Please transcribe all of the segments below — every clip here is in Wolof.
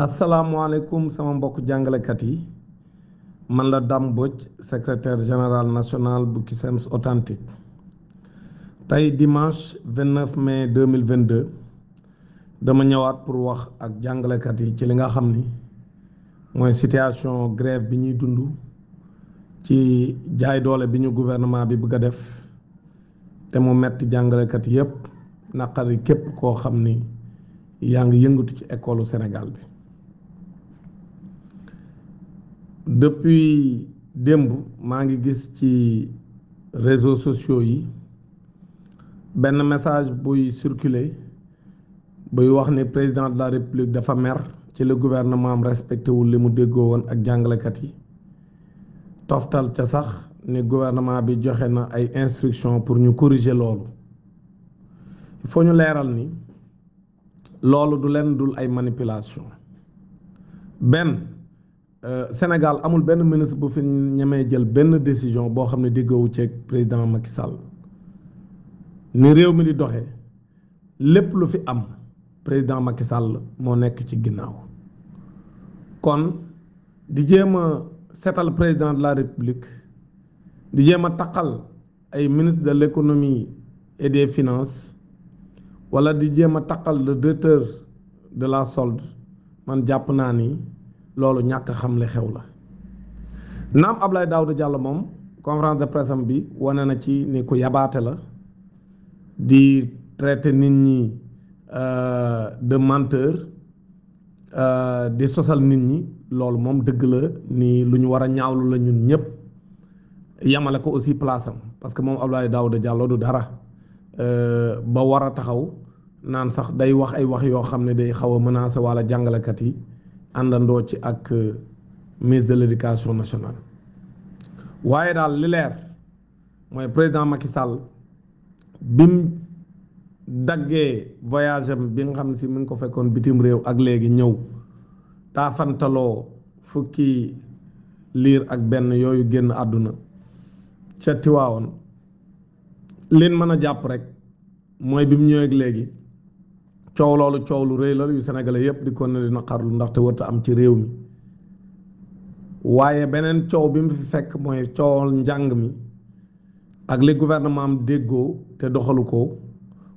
asalaamualeykum sama mbokk jàngalekat yi man la Dame secretaire général nationale bu CUSEMS authentique tey dimanche 29 mai 2022 dama ñëwaat pour wax ak jàngalekat yi ci li nga xam ni mooy situation grève bi ñuy dund ci jaay doole bi ñu gouvernement bi bëgg a def te mu metti jàngalekat yépp naqari képp koo xam ni yaa ngi yëngatu ci école Sénégal bi depuis démb maa ngi gis ci réseaux sociaux yi benn message buy circuler buy wax ne président de la république dafa mer ci le gouvernement am respecté wul li mu déggoo woon ak jàngalekat yi toftal ca sax ne gouvernement bi joxe na ay instructions pour ñu corriger loolu il faut ñu leeral ni loolu du l'en dul ay manipulation benn Euh, Sénégal amul benn ministre bu fi ñemee jël benn décision boo xam ne diggoowu ceeg président Macky Sall ni réew mi di doxee lépp lu fi am président Macky Sall moo nekk ci ginnaaw kon di jéem a seetal président de la république di jéem a taqal ay ministre de l' économie et des finances wala di jéem a taqal le directeur de la solde man jàpp naa ni. loolu ñàkk a xam le xew la naam Abdoulaye Daouda jàll moom conférence de presse bi wane na ci ni ku yabaate la di traité nit ñi euh, de menteur euh, di sosal nit ñi loolu moom dëgg la ni lu ñu war a ñaawlu la ñun ñëpp yamale ko aussi place am parce que moom Abdoulaye Daouda Diallo du dara euh, ba war a taxaw naan sax day wax ay wax yoo xam ne day xaw a menacer walla jàngalekat yi. àndandoo ci ak euh, ministre de l'éducation nationale waaye daal li leer mooy président Macky Sall bim daggee voyage am bi nga xam ne si mi ngi ko fekkoon bitim réew ak léegi ñëw taafantaloo fukki liir ak benn yooyu génn àdduna ca Tiwaawoon leen mën a jàpp rek mooy bi mu ñëweek léegi coow loolu coow lu rëy la yu sénégalais yëpp di ko ne di naqarlu ndaxte wërta am ci réew mi waaye beneen coow bi mu fi fekk mooy coowal njàng mi ak li gouvernement am déggoo te doxalu ko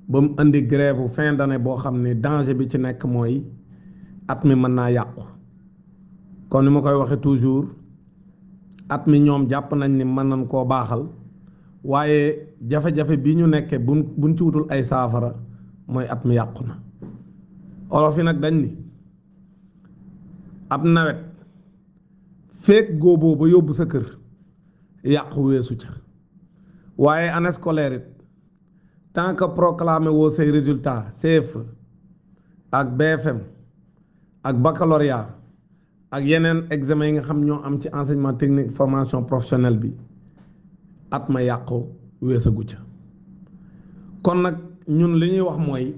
ba mu indi grève fin d'année boo xam ne danger bi ci nekk mooy at mi mën naa yàqu kon ni ma koy waxee toujours at mi ñoom jàpp nañ ni mën nañ koo baaxal waaye jafe-jafe bi ñu nekkee buñ buñ ci wutul ay saafara mooy at mi yàqu na olof yi nag dañ ni ab nawet feek góoboo ba yóbbu sa kër yàqu weesu ca waaye année scolaire it tant que proclamé woo say résultat CFE ak BFM ak baccalauréat ak yeneen examen yi nga xam ñoo am ci enseignement technique formation professionnelle bi at ma yàqu weesagu ca kon nag ñun li ñuy wax mooy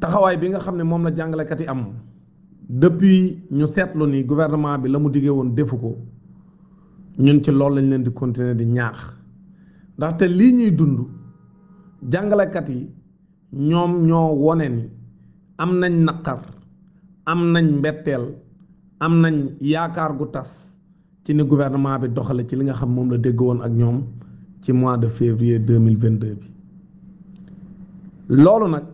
taxawaay bi nga xam ne moom la jàngalekat yi am depuis ñu seetlu ni gouvernement bi la mu diggee woon defu ko ñun ci loolu lañ leen di continuer di ñaax ndaxte lii ñuy dund jàngalekat yi ñoom ñoo wone ni am nañ naqar am nañ mbetteel am nañ yaakaar gu tas ci ni gouvernement bi doxale ci li nga xam moom la dégg woon ak ñoom ci mois de février deux mille vingt deux bi loolu nag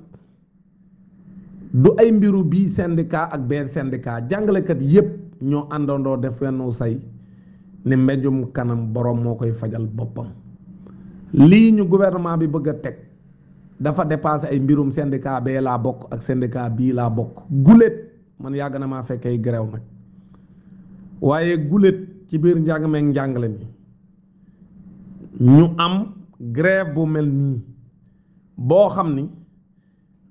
du ay mbiru bi syndicat ak ben syndicat kat yep ño àndandoo def wenno say ni mbéjum kanam borom mo koy fajal bopam li ñu gouvernement bi bëgg tek dafa dépasser ay mbirum syndicat sendeka la bok ak syndicat bi la bok gulet man yag na ma fekke grew nak waye gulet ci bir njang ni ñu am grève bu melni bo xamni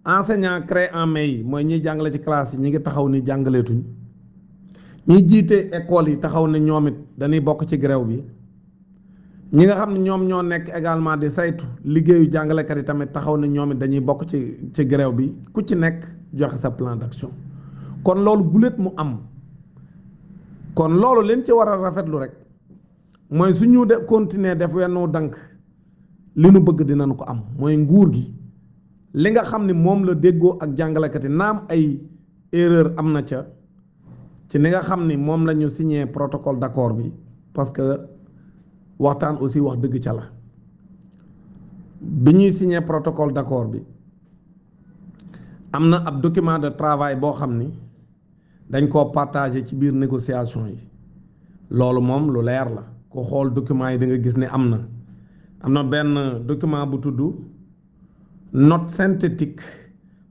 enseignant créé en mai yi mooy ñiy jàngale ci classe yi ñi ngi taxaw ni jàngaleetuñ ñi jiite école yi taxaw ne ñoom it dañuy bokk ci grève bi ñi nga xam ne ñoom ñoo nekk également di saytu liggéeyu jàngalekat yi tamit taxaw ne ñoomit dañuy bokk ci ci grève bi ku ci nekk joxe sa plan d'action kon loolu guléet mu am kon loolu leen ci war a rafetlu rek mooy su ñu de continuer def wenn dank li nu bëgg dinañ ko am mooy nguur gi. li nga xam ne moom la déggoo ak jàngalekat yi naam ay erreur am na ca ci li nga xam ni moom la ñu signé protocole d'accord bi parce que waxtaan aussi wax dëgg ca la bi ñuy signee protocole d'accord bi am na ab document de travail boo xam ni dañ ko partagé ci biir négociation yi loolu moom lu leer la ko xool document yi danga gis ni am na am na benn document bu tudd note synthétique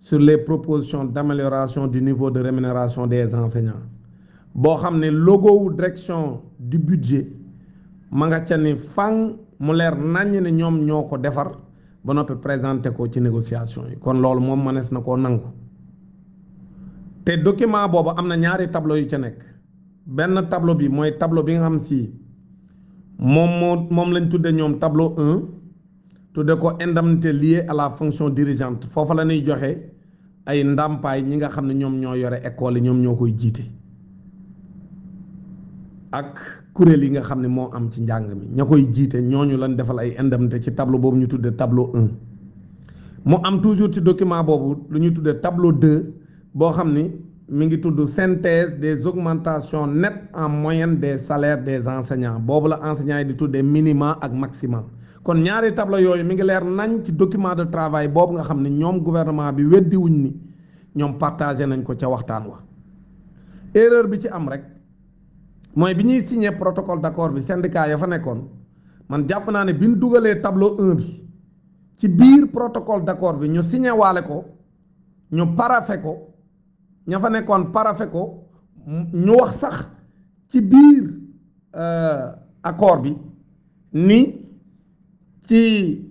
sur les propositions d'amélioration du niveau de rémunération des enseignants boo xam le logo ou direction du budget ma nga ca fang mu leer naññ ne ñoom ñoo ko defar ba noppi présenté ko ci négociation yi kon loolu moom manes na koo nangu te document boobu am na ñaari tableau yu ca nekk benn tableau bi mooy tableau bi nga xam si moom moo moom lañ tudde ñoom tableau 1 tudde ko indemnité liée à la fonction dirigeante foofa la ñuy joxe ay ndàmpaay ñi nga xam ne ñoom ñoo yore école yi ñoom ñoo koy jiite ak kuréel yi nga xam ne moo am ci njàng mi ña koy jiite ñooñu lañ defal ay indemnité ci tableau boobu ñu tudde tableau mu am toujours ci document boobu lu ñuy tudde tableau deux boo xam ni mu ngi tudd synthèse des augmentations net en moyenne des salaires des enseignants boobu la enseignants yi di tuddee minima ak maximum kon ñaari tableau yooyu mi ngi leer nañ ci document de travail boobu nga xam ne ñoom gouvernement bi weddiwuñ ni ñoom partagé nañ ko ca waxtaan wa erreur bi ci am rek mooy bi ñuy signe protocole d'accord bi syndicat ya fa nekkoon man jàpp naa ne bi ñu dugalee tableau 1 bi ci biir protocole d'accord bi ñu signé waale ko ñu parafe ko ña fa nekkoon parafe ko ñu wax sax ci biir euh, accord bi ni ci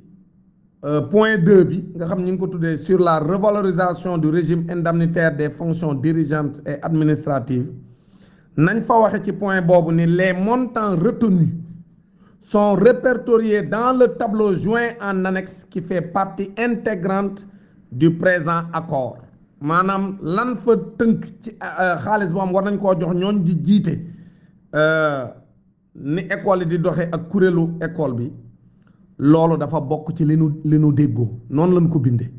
euh, point 2 bi nga xam ñu ko tuddee sur la revalorisation du régime indemnitaire des fonctions dirigeantes et administratives nañ fa waxe ci point boobu ni les montants retenus sont répertoriés dans le tableau joint en annexe qui fait partie intégrante du présent accord maanaam lan fa tënk ci euh, xaalis boo am war nañ koo jox ñooñ di jiite euh, ni école di doxe ak kuréelu école bi loolu dafa bokk ci li nu li nu déggoo noonu lañ ko bindee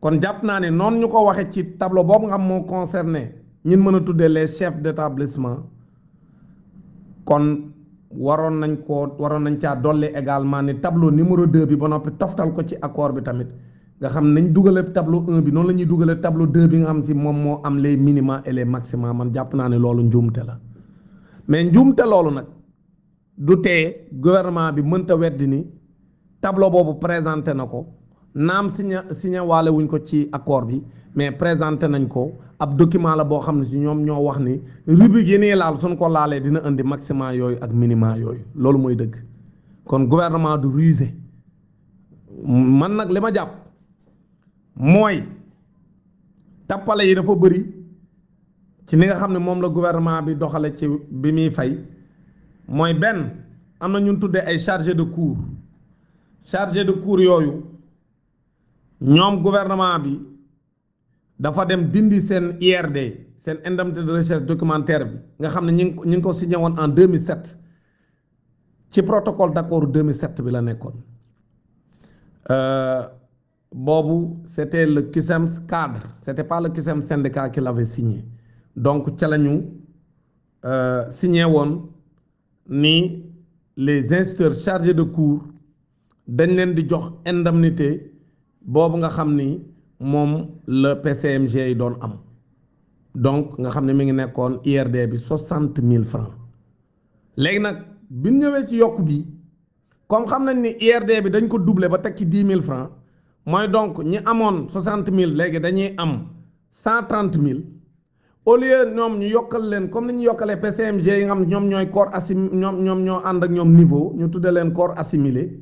kon jàpp naa ne noonu ñu ko waxee ci tableau boobu nga xam moo concerné ñin mën a tuddee les chefs d'établissement kon waroon nañ ko waroon nañ caa dolli également ni tableau numéro 2 bi ba noppi toftal ko ci accord bi tamit nga xam nañ dugale tableau 1 bi noonu la ñuy dugale tableau 2 bi nga xam si moom moo am les minima et les maxima man jàpp naa ne loolu njuumte la mais njuumte loolu nag du tee gouvernement bi mënta weddi ni tableau boobu présenté na ko naam signé signé waale ko ci accord bi mais présenté nañ ko ab document la boo xam ne si ñoom ñoo wax ni rubrique yi nii laal suñ ko laalee dina indi maximum yooyu ak minimum yooyu loolu mooy dëgg kon gouvernement du rusé man nag li ma jàpp mooy tappale yi dafa bëri ci ni nga xam ne moom la gouvernement bi doxale ci bi muy fay mooy benn am na ñun tuddee ay chargé de cours chargé de cours yoyu ñom gouvernement bi dafa dem dindi sen IRD un indemnité de recherche documentaire bi nga signé en 2007 ci protocole d'accord 2007 bi la euh, c'était le cadre, cadre c'était pas le e syndicat qui l'avait signé donc nous lañu euh, signé ni les instituteurs chargés de cours dañ leen di jox indemnité boobu nga xam ni moom le PCMG am donc nga xam ne mi ngi nekkoon IRD francs léegi nag bi ñëwee ci bi comme xam ni IRD bi dañ ko doubler ba ci francs mooy donc ñi amoon 60 mille léegi dañuy am cent au lieu comme ni PCMG yi nga xam ñoom corps assimilé niveau ñu corps assimilé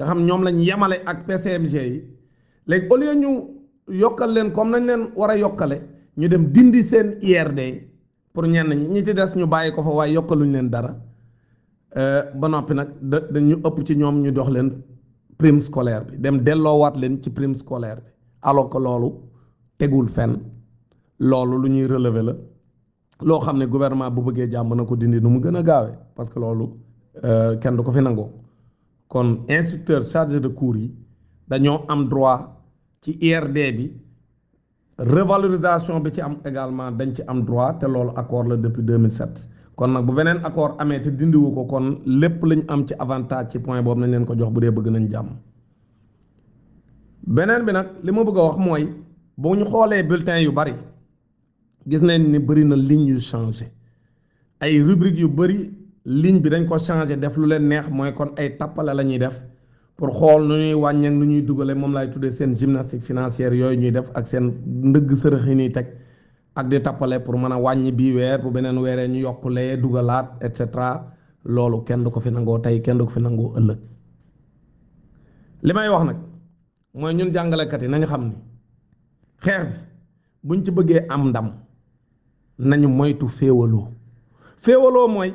nga xam ñoom lañ yamale ak PCMG yi léegi au lieu ñu yokkal leen comme nañ leen war a yokkale ñu dem dindi seen IRD pour ñenn ñi ñi ci des ñu bàyyi ko fa waaye yokkaluñ leen dara euh, ba noppi nag dañu ëpp ci ñoom ñu dox leen prime scolaire bi dem delloowaat leen ci prime scolaire bi alors que loolu tegul fenn loolu lu ñuy relever la loo xam ne gouvernement bu bëggee jàmm na ko dindi nu mu gën a gaawee parce que loolu euh, kenn du ko fi nangoo kon instructeur chargé de cours yi dañoo am droit ci IRD bi revalorisation bi ci am également dañ ci am droit te loolu accord la depuis 2007 kon nag bu beneen accord amee te dindiwu ko kon lépp lañ am ci avantage ci point boobu nañ leen ko jox bu dee bëgg nañ jàmm beneen bi nag li ma bëgg a wax mooy bu ñu xoolee bulletin yu bari gis nañ ni bëri na ligne yu changé ay rubrique yu bari ligne bi dañ ko changé def lu leen neex mooy kon ay tappale la ñuy def pour xool nu ñuy wàññeek nu ñuy dugale moom laay tuddee seen gymnastique financière yooyu ñuy def ak seen ndëgg sërëx yi nuy teg ak di tappale pour mën a wàññi bii weer bu beneen weeree ñu yokkulee dugalaat et cetera loolu kenn du ko fi nangoo tey kenn du ko fi nangoo ëllëg li may wax nag mooy ñun jàngalekat yi nañu xam ni xeex bi buñ ci bëggee am ndam nañu moytu féewaloo féewaloo mooy.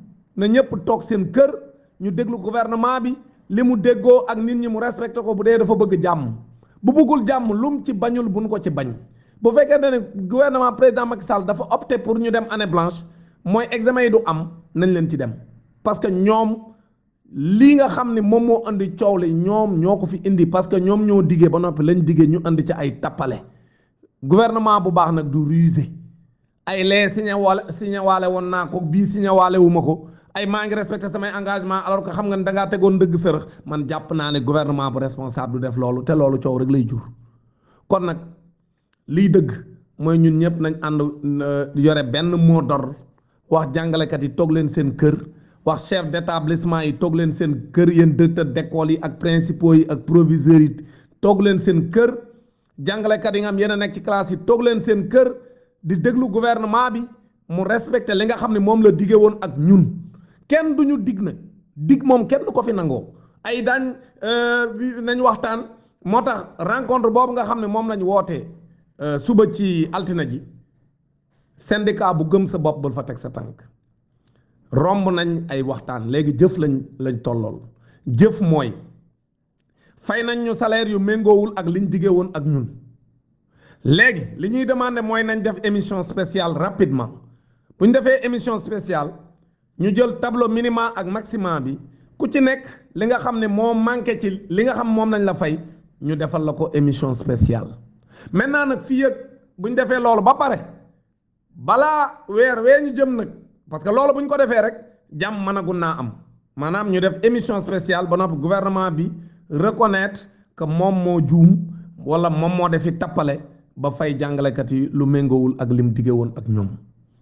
na ñëpp toog seen kër ñu déglu gouvernement bi li mu déggoo ak nit ñi mu respecté ko bu dee dafa bëgg jàmm bu bëggul jàmm lum ci bañul buñ ko ci bañ bu fekkente ne gouvernement président Macky Sall dafa opté pour ñu dem année blanche mooy examen yi du am nañ leen ci dem parce que ñoom lii nga xam ne moom moo indi coow li ñoom ñoo ko fi indi parce que ñoom ñoo diggee ba noppi lañ diggee ñu indi ci ay tappale gouvernement bu baax nag du rusé ay lee signé waale signé woon naa ko bii signé ma ko ay maa ngi respecté samay engagement alors que xam nga da ngaa tegoon dëgg sërëx man jàpp naa ne gouvernement bu responsable du def loolu te loolu coow rek lay jur kon nag liy dëgg mooy ñun ñëpp nañ ànd euh, yore benn mot dor wax jàngalekat yi toog leen seen kër wax chef d'établissement yi toog leen seen kër yéen directeur d'école yi ak principaux yi ak proviseurs yi toog leen seen kër jàngalekat yi nga xam yéen a ci classe yi toog leen seen kër di déglu gouvernement bi mu respecté li nga xam ne moom la woon ak ñun kenn duñu digg na dig moom kenn du ko fi nangoo ay daañ euh, nañ waxtaan moo tax rencontre boobu nga xam ne moom lañ wootee euh, suba ci altina ji syndicat bu gëm sa bopp bul fa teg sa tànk romb nañ ay waxtaan léegi jëf lañ lañ tollool jëf mooy fay nañ ñu salaire yu méngoowul ak liñ diggee woon ak ñun léegi li ñuy demande mooy nañ def émission spéciale rapidement bu ñu defee émission spéciale ñu jël tablo minima ak maxima bi ku ci nekk li nga xam ne moo manqué ci li nga xam moom lañ la fay ñu defal la ko émission spéciale maintenant nag fii yëg bu ñu defee loolu ba pare balaa weer wee ñu jëm nag parce que loolu bu ñu ko defee rek jàmm mënagun naa am maanaam ñu def émission spéciale ba noppi gouvernement bi reconnaître que moom moo juum wala moom moo defi tappale ba fay jàngalekat yi lu méngowul ak lim dige woon ak ñoom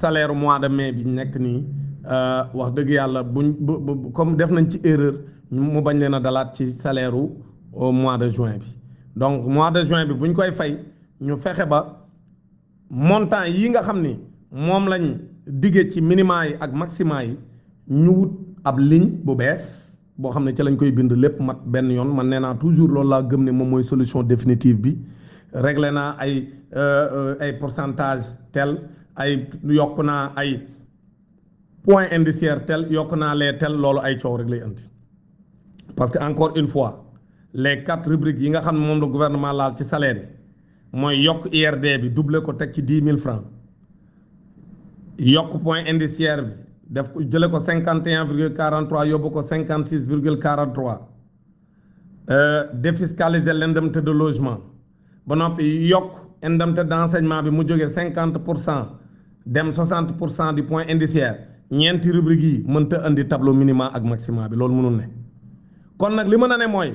Salèro mwa dè mè bi nèk euh, ni, wak degè alè, kom defnen ti erèr, mwen mwen banye nan dalat ti salèro mwa dè jwen bi. Donk mwa dè jwen bi, mwen kwa e fay, mwen fèkè ba, montan yin gwa khamne, mwen mwen digè ti minimay ak maksimay, mwen ap lin bo bes, mwen khamne telen kwen bin de lep mat ben yon, mwen nè nan toujou lò la gèmne mwen mwen solusyon definitiv bi, regle nan ay euh, euh, porcentaj tel. ay yokk ay point indiciaire tel yokk tel parce que encore une fois les quatre rubriques yi nga gouvernement ci salaire yi mooy IRD bi doubler ko ci 10 francs yokk point indiciaire bi def ko ko cinquante euh, défiscaliser l'indemnité de logement ba noppi indemnité d'enseignement bi mu 50% dem 60 du point indiciaire ñeenti rubrique yi tableau minimum ak maxima bi ne kon li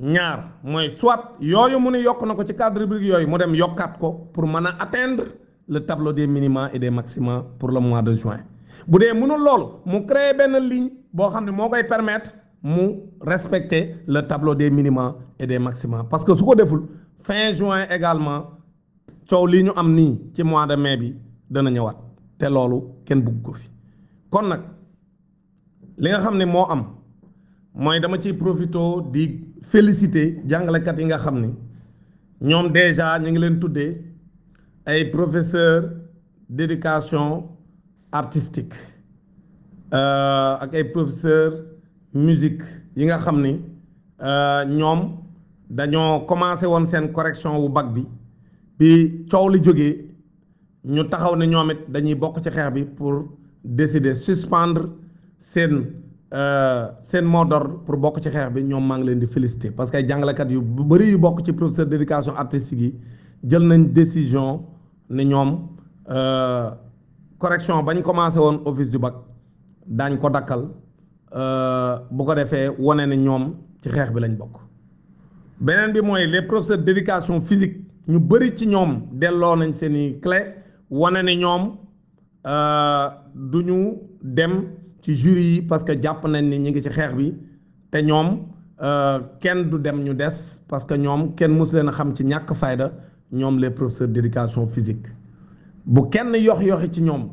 ñaar soit yooyu mu ne yokk na ci cadre rubrique mu dem ko pour atteindre le tableau des minima et des maxima pour le mois de juin bu dee mënul loolu mu créer ligne ne permettre respecter le tableau des minima et des maxima parce que su deful fin juin également coow li ñu am nii ci mois de mai dana ñëwaat te loolu kenn bugg ko fi kon nag li nga xam ni moo am mooy dama ciy profito di félicité jàngalekat yi nga xam ni ñoom déjà ñu ngi leen tuddee ay professeur d'éducation artistique euh, ak ay professeur musique yi nga xam ni euh, ñoom dañoo commencé woon seen correction wu bag bi bi coow li jóge ñu taxaw ne ñoom it dañuy bokk ci xeex bi pour décider suspendre seen euh, seen mot d'ordre pour bokk ci xeex bi ñoom maa ngi leen di féliciter parce que ay jàngalekat yu bëri yu bokk ci professeur d'éducation artistique yi jël nañ décision ne ñoom euh, correction bañ commencé woon office du bac daañ ko dakkal euh, bu ko defee wane ne ñoom ci xeex bi lañ bokk beneen bi mooy les professeurs d'éducation physique ñu bëri ci ñoom delloo nañ seeni clé wane ne ñoom euh, du ñu dem ci jury yi parce que jàpp nañ ni ñu ngi ci xeex bi te ñoom euh, kenn du dem ñu des parce que ñoom kenn mosu leen a xam ci ñàkk fayda ñoom les professeurs d'éducation physique bu kenn yox yoxi ci ñoom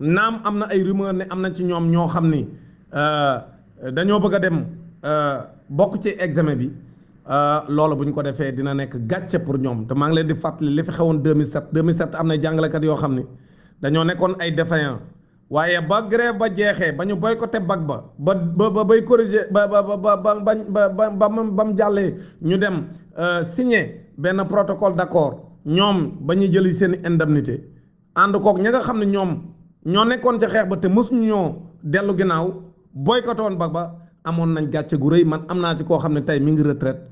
naam am na ay rumeur ne am na ci ñoom ñoo xam ni euh, dañoo bëgg a dem bokk ci examen bi loolu bu ñu ko defee dina nekk gàcce pour ñoom te maa ngi leen di fàttali li fi xewoon 2007 2007 am na jàngalekat yoo xam ne dañoo nekkoon ay défaillant waaye ba grève ba jeexee ba ñu boycotté bag ba ba ba bay corriger ba ba ba ba ba ba ba mu jàllee ñu dem signé benn protocole d'accord ñoom ba ñuy jëli seen indemnité ànd kook ña nga xam ne ñoom ñoo nekkoon ca xeex ba te mësuñu ñoo dellu ginnaaw boycotté woon bac ba amoon nañ gàcce gu rëy man am naa ci koo xam ne tey mi ngi retraite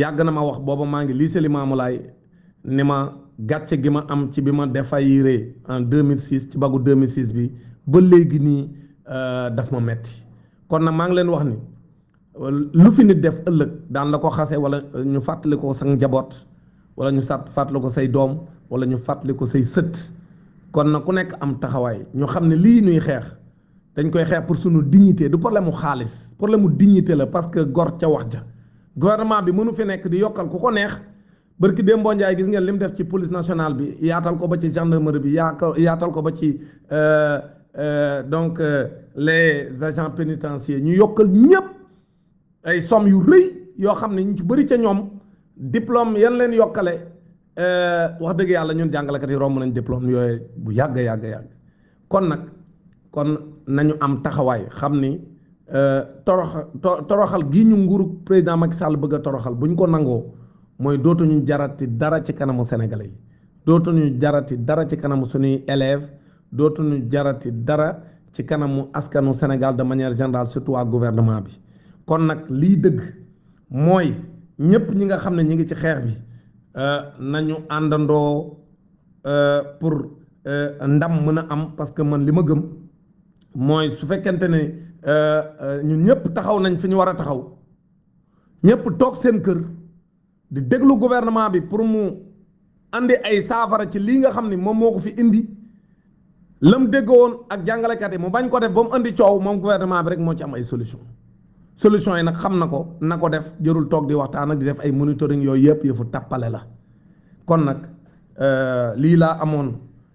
yàgg na ma wax booba maa ngi lycée Limamou laay ni ma gàcce gi ma am ci bi ma défailliré en 2006 ci bagu 2006 bi ba léegi nii euh, daf ma metti kon na maa ngi leen wax ni euh, lu fi nit def ëllëg daan la ko xase wala euh, ñu fàttali ko sa njaboot wala ñu sat fàttali ko say doom wala ñu fàttali ko say sët kon na ku nekk am taxawaay ñu xam ne lii nuy xeex dañ koy xeex pour suñu dignité du problème mu xaalis problème mu dignité la parce que gor ca wax ja gouvernement bi mënu fi nek di yokal kuko neex barki dembo ndjay gis ngeen lim def ci police nationale bi yaatal ko ba ci gendarmerie bi yaatal ko ba ci euh, euh, donc euh, les agents pénitentiaires ñu yokal ñëpp ay som yu reuy yo xamne ñu ci bari ci ñom diplôme yan leen euh wax deug yalla ñun kat yi rom nañ diplôme yoy bu yag yag yag kon nanyu kon nañu am taxaway xamni Euh, torox toroxal gi ñu nguuru président mag Sall bëgg a toroxal bu ñu ko nangoo mooy dootuñu jarati dara ci kanamu sénégal yi dootuñu jarati dara ci kanamu suñuy élèves dootuñu jarati dara ci kanamu askanu Sénégal de manière générale surtout ak gouvernement bi kon nag lii dëgg mooy ñëpp ñi nga xam ne ñi ngi ci xeex bi euh, nañu àndandoo euh, pour ndam mën a am parce que man li ma gëm mooy su fekkente ne. Euh, euh, ñun ñëpp taxaw nañ fi ñu war a taxaw ñëpp toog seen kër di déglu gouvernement bi pour mu andi ay saafara ci lii nga xam ni moom moo ko fi indi lam dégg woon ak jàngalekat yi mu bañ ko def ba mu andi coow moom gouvernement bi rek moo ci am ay solution solution yi nag xam na ko na ko def jërul toog di waxtaan ak di def ay monitoring yooyu yëpp yëfu tappale la kon nag euh, lii laa amoon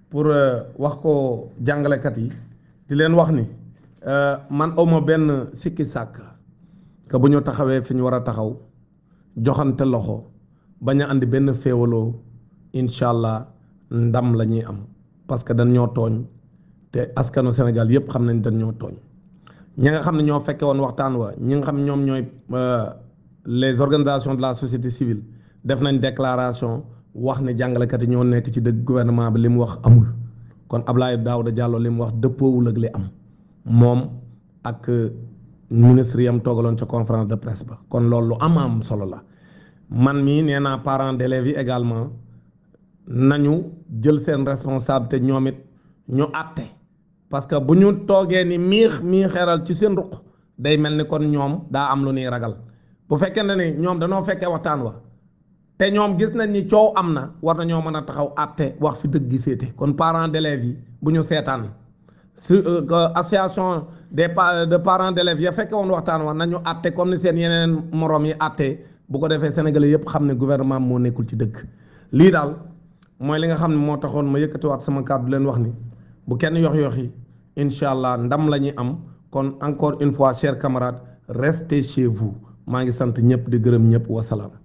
pour wax ko jàngalekat yi di leen wax ni Euh, man awma benn sikki sàkk que bu ñu taxawee fi ñu war a taxaw joxante loxo bañ a indi benn féewaloo incha allah ndam la ñuy am parce que dañ ñoo tooñ te askanu Sénégal yépp xam nañ dañ ñoo tooñ ñi nga xam ne ñoo fekke woon waxtaan wa ñi nga xam ne ñoom ñooy euh, les organisations de la société civile def nañ déclaration wax ne jàngalekat yi ñoo nekk ci dëgg gouvernement bi li mu wax amul kon daaw Daouda jàlloo li mu wax dëppoowul ak li am moom ak euh, ministre yam toogaloon ca conférence de presse ba kon loolu lu am am solo la man mii nee naa parents d'élèves yi également nañu jël seen responsabilité ñoom it ñu àtte parce que bu ñu toogee ni miix mii xeeral ci seen ruq day mel ni kon ñoom daa am lu ñuy ragal bu fekkente ni ñoom danoo fekkee waxtaan wa te ñoom gis nañ ni coow am na war na ñoo mën a taxaw àtte wax fi dëgg gi féete kon parents d'élèves yi bu ñu seetaan Euh, association des euh, de parents d'élèves ya fekke woon waxtaan wa nañu àtte comme ni seen yeneen moroom yi àtte bu ko defee sénégalais yëpp xam ne gouvernement moo nekkul ci dëkk lii daal mooy li nga xam mo taxone ma ma wat sama kàddu leen wax ni bu kenn yox yox yi inshallah ndam lañuy am kon encore une fois chers camarades restez chez vous maa ngi sant ñëpp di gërëm ñëpp wa salaam